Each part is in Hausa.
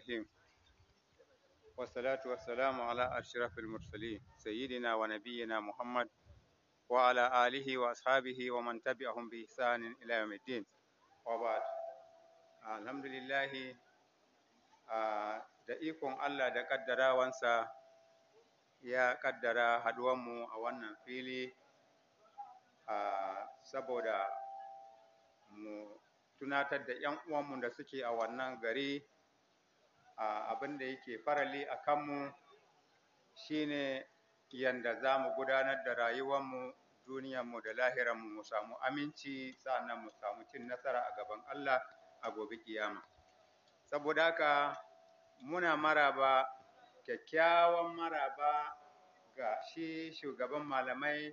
الرحيم والصلاة والسلام على أشرف المرسلين سيدنا ونبينا محمد وعلى آله وأصحابه ومن تبعهم بإحسان إلى يوم الدين وبعد الحمد لله da ikon Allah da ƙaddarawansa ya ƙaddara haduwanmu a wannan fili saboda mu tunatar da 'yan uwanmu da suke a wannan gari abin da yake farali a kanmu shi ne yadda za mu gudanar da rayuwarmu duniyarmu da lahiranmu mu samu aminci nan mu samu cin nasara a gaban Allah a gobe kiyama saboda haka muna maraba kyakkyawan maraba ga shi shugaban malamai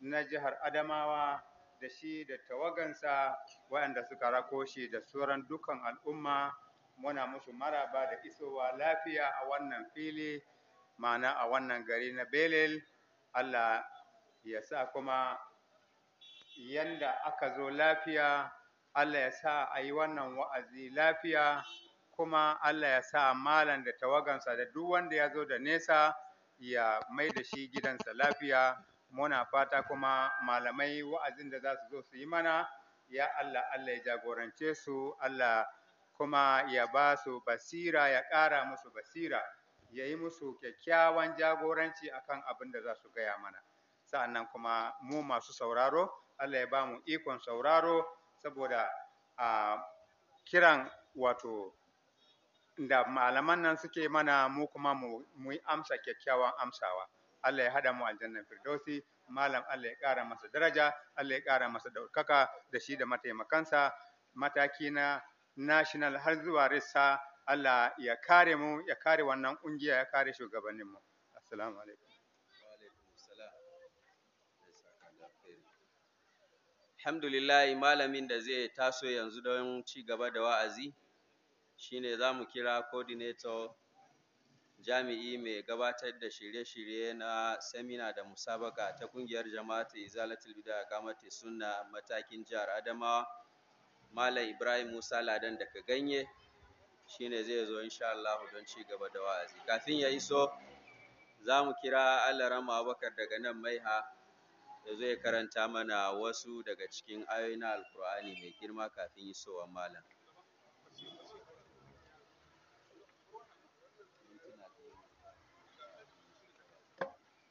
na jihar Adamawa da shi da tawagansa waɗanda suka rako shi da sauran dukan al'umma muna musu maraba da isowa lafiya a wannan fili ma'ana a wannan gari na belel allah ya sa kuma yanda aka zo lafiya allah ya sa a yi wannan wa'azi lafiya kuma allah ya sa malam da tawagansa da duk wanda ya zo da nesa ya mai da shi gidansa lafiya muna fata kuma malamai wa'azin da za su zo su yi mana ya allah allah ya jagorance su allah kuma ya ba su basira ya ƙara musu basira ya yi musu kyakkyawan jagoranci akan abin da za su gaya mana sa'annan kuma mu masu sauraro Allah ya ba mu ikon sauraro saboda a kiran wato da malaman nan suke mana mu kuma mu yi amsa kyakkyawan amsawa Allah ya haɗa mu aljannan firdausi malam Allah ya ƙara masa daraja Allah ya ƙara masa ɗaukaka da shi da mataimakansa mataki na national har zuwa rissa Allah ya kare mu ya kare wannan kungiya ya kare shugabanninmu assalamu alaikum alhamdulillah malamin da zai taso yanzu don ci gaba da wa'azi shine zamu kira coordinator jami'i mai gabatar da shirye-shirye na semina da musabaka ta kungiyar jama'atu izalatul bid'a kamar sunna matakin jihar adamawa Malam Ibrahim Musa Ladan daga ganye shi ne zai zo insha Allah don ci gaba da wa'azi. Kafin ya iso za mu kira Alarama Abubakar daga nan Maiha zo ya karanta mana wasu daga cikin ayoyin Alkur'ani mai girma kafin isowa malam.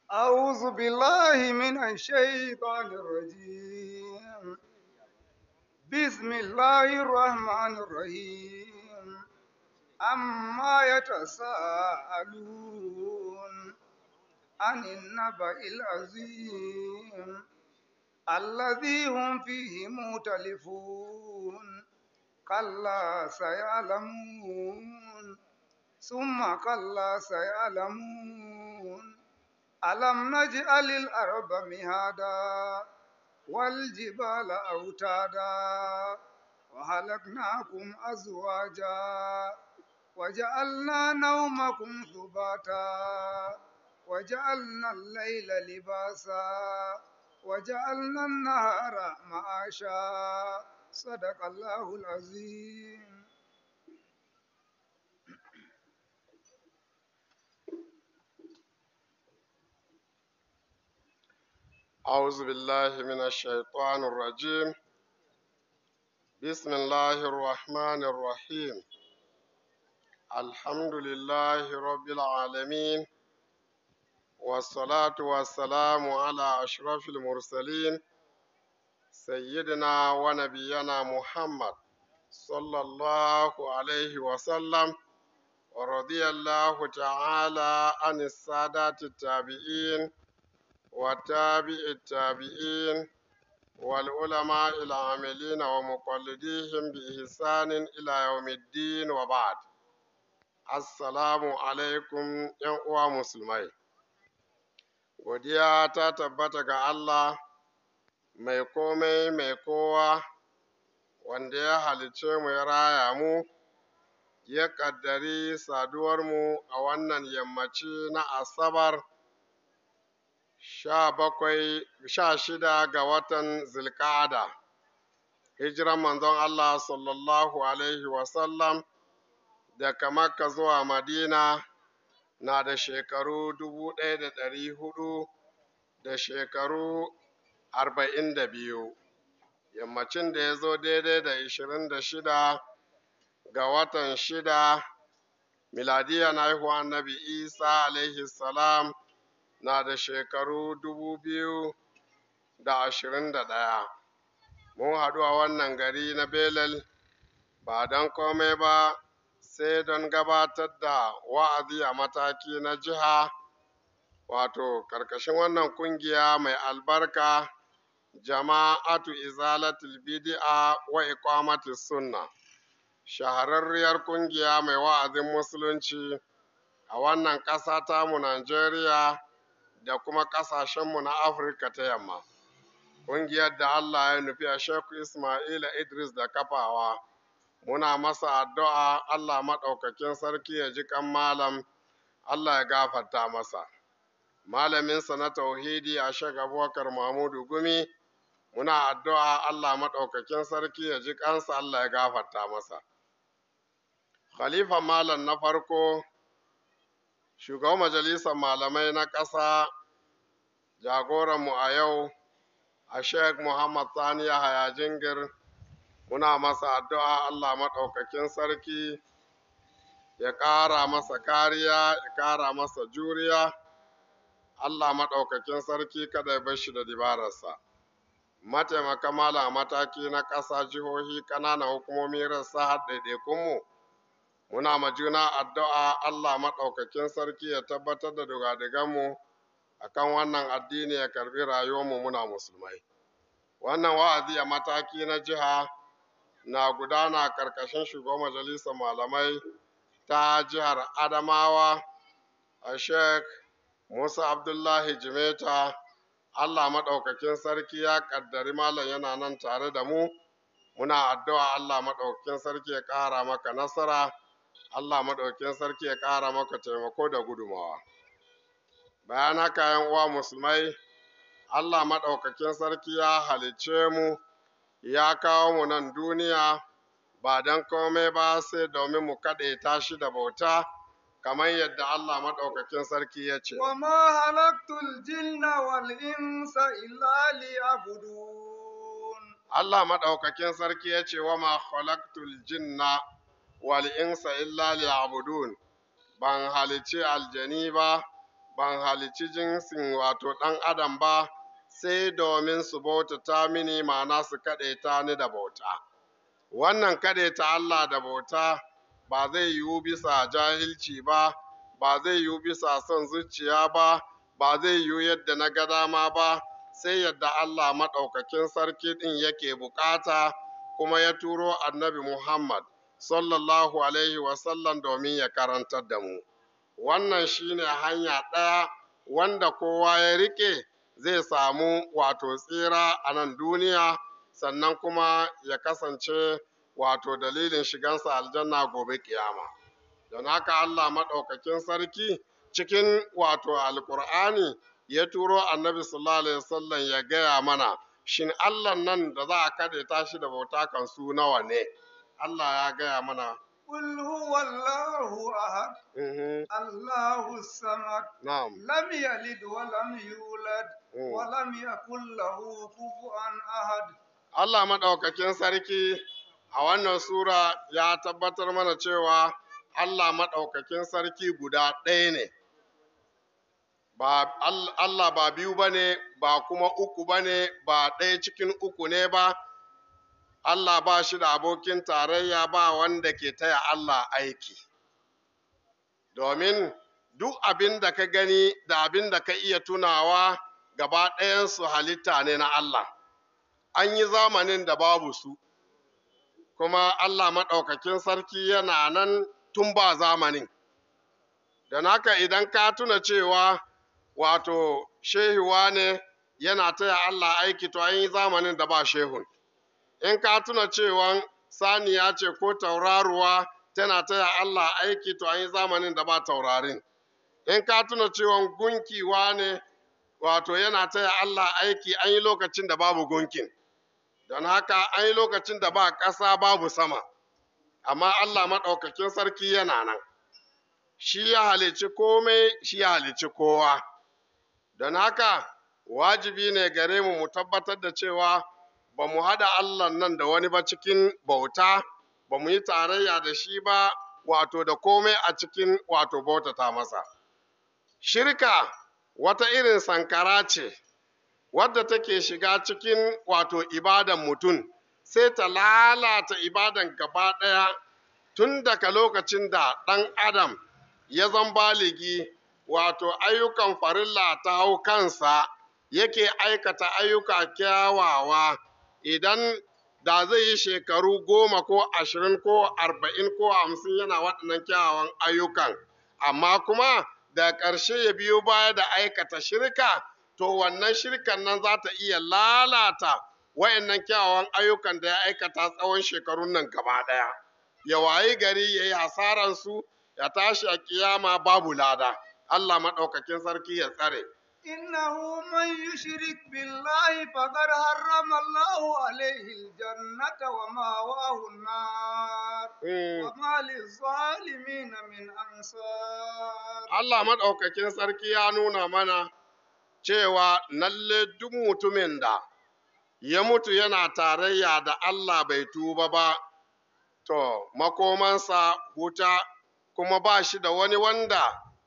أعوذ بالله من الشيطان الرجيم بسم الله الرحمن الرحيم أما يتساءلون عن النبأ العظيم الذي هم فيه مختلفون كلا سيعلمون ثم كلا سيعلمون ألم نجعل الأرض مهادا والجبال أوتادا وهلكناكم أزواجا وجعلنا نومكم سباتا وجعلنا الليل لباسا وجعلنا النهار معاشا صدق الله العظيم أعوذ بالله من الشيطان الرجيم بسم الله الرحمن الرحيم الحمد لله رب العالمين والصلاة والسلام على أشرف المرسلين سيدنا ونبينا محمد صلى الله عليه وسلم ورضي الله تعالى عن السادات التابعين وتابع التابعين والعلماء العاملين ومقلديهم بإحسان إلى يوم الدين وبعد Assalamu alaikum ‘yan uwa musulmai, godiya ta tabbata ga Allah mai komai mai kowa wanda ya halice mu ya raya mu, ya saduwarmu a wannan yammaci na Asabar sha bakwai sha shida ga watan zilkada hijiran manzon Allah sallallahu alaihi wasallam daga makka zuwa madina na da shekaru dubu ɗaya da ɗari hudu da shekaru arba'in da biyu yammacin da ya zo daidai da ishirin da shida ga watan shida miladiyya na haihuwa annabi isa alaihi salam na da shekaru dubu biyu da ashirin da ɗaya. Mun haɗu a wannan gari na Belal ba don komai ba sai don gabatar da wa'azi a mataki na jiha, wato ƙarƙashin wannan ƙungiya mai albarka jama'atu izalatul Bidi'a wa iqamatis sunna. shahararriyar ƙungiya mai wa'azin musulunci a wannan ƙasa tamu Najeriya da kuma ƙasashenmu na Afirka ta yamma. Ƙungiyar da Allah ya nufi a Sheku Ismaila Idris da kafawa, muna masa addu'a Allah maɗaukakin sarki ya ji kan malam, Allah ya gafarta masa. Malaminsa na tauhidi a Shek Abubakar Mahmudu Gumi, muna addu'a Allah maɗaukakin sarki ya ji kansa Allah ya gafarta masa. Khalifa malam na farko shugaban majalisar malamai na ƙasa jagoranmu a yau a sheikh muhammad sani haya jingir muna masa addu'a allah maɗaukakin sarki ya ƙara masa kariya ya ƙara masa juriya allah maɗaukakin sarki kada ya bar shi da dibararsa mataimaka malam mataki na ƙasa jihohi ƙananan hukumomin rassa har ɗaiɗaikunmu muna ma juna addu'a Allah maɗaukakin sarki ya tabbatar da dogadiganmu a kan wannan addini ya karɓi rayuwarmu muna musulmai. Wannan wa'azi a mataki na jiha na gudana karkashin shugaban majalisar malamai ta jihar Adamawa a Sheikh Musa Abdullahi Jimeta Allah maɗaukakin sarki ya ƙaddari malam yana nan tare da mu muna addu'a Allah maɗaukakin sarki ya ƙara maka nasara. Allah maɗaukin sarki ya ƙara maka taimako da gudumawa. Bayan haka ‘yan uwa musulmai, Allah maɗaukakin sarki ya halicce mu, ya kawo mu nan duniya ba don komai ba sai domin mu kaɗaita shi da bauta, kamar yadda Allah maɗaukakin sarki ya ce. Wa ma halaktul jinna wal insa illa liya'budun. Allah maɗaukakin sarki ya ce wa ma khalaqtul jinna wal insa illa abudun ban halici aljani ba ban halici jinsin wato ɗan adam ba sai domin su bauta ta mini ma'ana su kaɗaita ni da bauta wannan ta Allah da bauta ba zai yiwu bisa jahilci ba ba zai yiwu bisa son zuciya ba ba zai yiwu yadda na ga dama ba sai yadda Allah maɗaukakin sarki ɗin yake buƙata kuma ya turo annabi Muhammad sallallahu alaihi wasallam domin ya karanta da mu wannan shine hanya ɗaya wanda kowa ya rike zai samu wato tsira a nan duniya sannan kuma ya kasance wato dalilin shigansa aljanna gobe kiyama don haka Allah maɗaukakin sarki cikin wato alkur'ani ya turo annabi sallallahu alaihi wasallam ya gaya mana shin Allah nan da za a kade tashi da bauta kan su nawa ne Allah ya gaya mana قل هو الله أحد الله الصمد نعم لم يلد ولم يولد ولم يكن له كفوا أحد الله madaukakin sarki a wannan sura ya tabbatar mana cewa Allah madaukakin sarki guda ɗaya ne ba Allah ba biyu bane ba kuma uku bane ba ɗaya cikin uku ne ba Allah ba shi da abokin tarayya ba wanda ke taya Allah aiki. Domin duk abin da ka gani da abin da ka iya tunawa gaba ɗayansu halitta ne na Allah. An yi zamanin da babu su, kuma Allah maɗaukakin sarki yana nan tun ba zamanin. Da naka idan ka tuna cewa wato shehuwa ne yana taya Allah aiki to an yi zamanin da ba shehun. in ka tuna cewa saniya ce ko tauraruwa tana taya Allah aiki to an yi zamanin da ba taurarin in ka tuna cewa gunkiwa ne wato yana taya Allah aiki an yi lokacin da babu gunkin don haka an yi lokacin da ba ƙasa babu sama amma Allah maɗaukakin sarki yana nan shi ya halici komai shi ya halici kowa don haka wajibi ne gare mu mu tabbatar da cewa ba mu haɗa Allah nan da wani ba cikin bauta, ba mu yi tarayya da shi ba, wato da komai a cikin wato bautata masa. Shirka wata irin sankara ce, wadda take shiga cikin wato ibadan mutum, sai ta lalata ibadan gaba ɗaya tun daga lokacin da ɗan Adam ya zan baligi, wato ayyukan farilla ta hau kansa yake aikata ayyuka kyawawa. idan da zai yi shekaru goma ko ashirin ko arba'in ko hamsin yana waɗannan kyawawan ayyukan amma kuma da ƙarshe ya biyo baya da aikata shirka to wannan shirkan nan za ta iya lalata wayannan kyawawan ayyukan da ya aikata tsawon shekarun nan gaba ɗaya ya wayi gari ya yi hasaransu ya tashi a kiyama babu lada Allah maɗaukakin sarki ya tsare إنه من يشرك بالله فقد حرم الله عليه الجنة ومأواه النار وما للظالمين من أنصار الله مدعوكاكين سركي يا نونا منا cewa lalle duk mutumin da ya mutu yana tarayya da Allah bai tuba ba, to, makomansa wuta kuma ba shi da wani wanda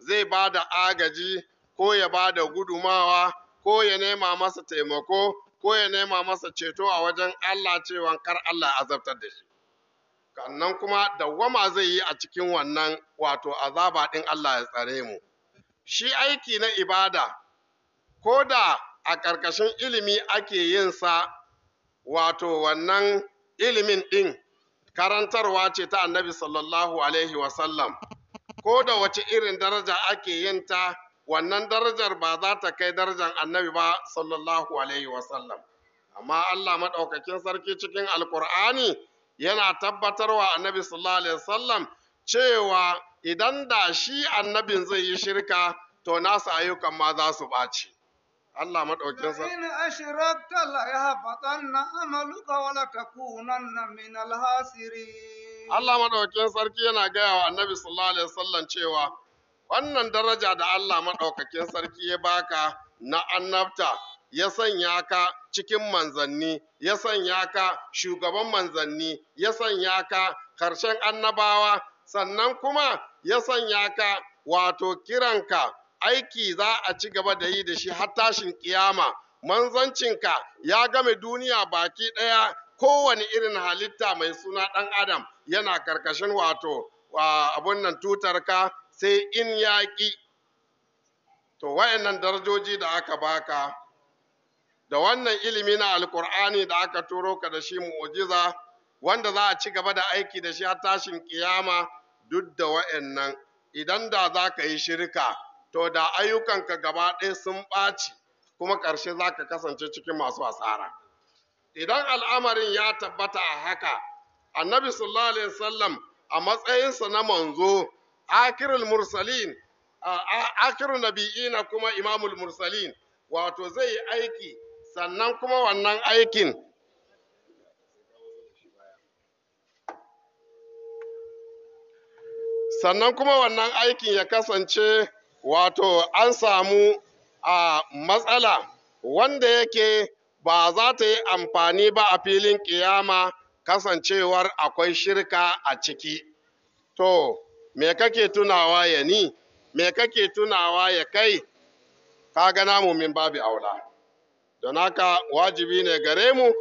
zai ba da agaji ko ya ba da gudumawa ko ya nema masa taimako ko ya nema masa ceto a wajen Allah cewa kar Allah azabtar da shi kannan kuma dawwama zai yi a cikin wannan wato azaba ɗin Allah ya tsare mu shi aiki na ibada ko da a ƙarƙashin ilimi ake yin sa wato wannan ilimin ɗin karantarwa ce ta annabi sallallahu alaihi wasallam ko da wace irin daraja ake yin ta wannan darajar ba za ta kai darajar annabi ba sallallahu alaihi wasallam amma Allah madaukakin sarki cikin alkur'ani yana tabbatarwa annabi sallallahu alaihi wasallam cewa idan da shi annabin zai yi shirka to nasu ayyukan ma za su ɓaci Allah madaukakin sarki In ashrakta la yahbatanna amaluka wa la takunanna min al Allah madaukakin sarki yana gaya wa Annabi sallallahu alaihi wasallam cewa wannan daraja da Allah maɗaukakin sarki ya baka na annabta ya sanya ka cikin manzanni ya sanya ka shugaban manzanni ya sanya ka karshen annabawa sannan kuma ya sanya ka wato kiranka aiki za a ci gaba da yi da shi har tashin kiyama manzancinka ya game duniya baki ɗaya kowane irin halitta mai suna ɗan adam yana karkashin wato abun nan tutarka sai in yaƙi to wayannan darajoji da aka baka da wannan ilimi na alkur'ani da aka turo ka da shi mu'ujiza wanda za a ci gaba da aiki da shi har tashin kiyama duk da wayannan idan da za ka yi shirka to da ayyukanka gaba ɗaya sun ɓaci kuma ƙarshe za ka kasance cikin masu asara idan al'amarin ya tabbata a haka annabi sallallahu alaihi wasallam a matsayinsa na manzo akirul mursalin akirul nabi'ina kuma imamul mursalin wato zai aiki sannan kuma wannan aikin sannan kuma wannan aikin ya kasance wato an samu a matsala wanda yake ba za ta yi amfani ba a filin ƙiyama kasancewar akwai shirka a ciki. To, me kake tunawa ya ni me kake tunawa ya kai ka gana mu min babu aula don haka wajibi ne gare mu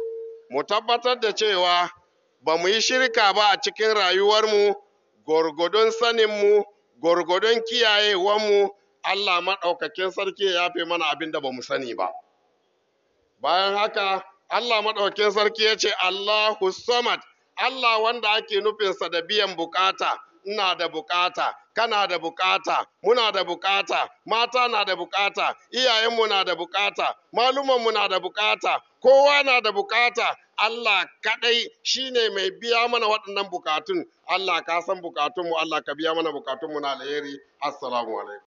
mu tabbatar da cewa ba mu yi shirka ba a cikin rayuwarmu gorgodon saninmu gorgodon kiyayewanmu Allah maɗaukakin sarki ya fi mana abin da ba mu sani ba bayan haka Allah maɗaukakin sarki ya ce Allahu samad Allah wanda ake nufinsa da biyan bukata ina da bukata kana da bukata muna da bukata mata na da bukata iyayenmu na da bukata malumanmu na da bukata kowa na da bukata Allah kaɗai shi ne mai biya mana waɗannan bukatun Allah ka san bukatunmu Allah ka biya mana bukatunmu na alheri assalamu alaikum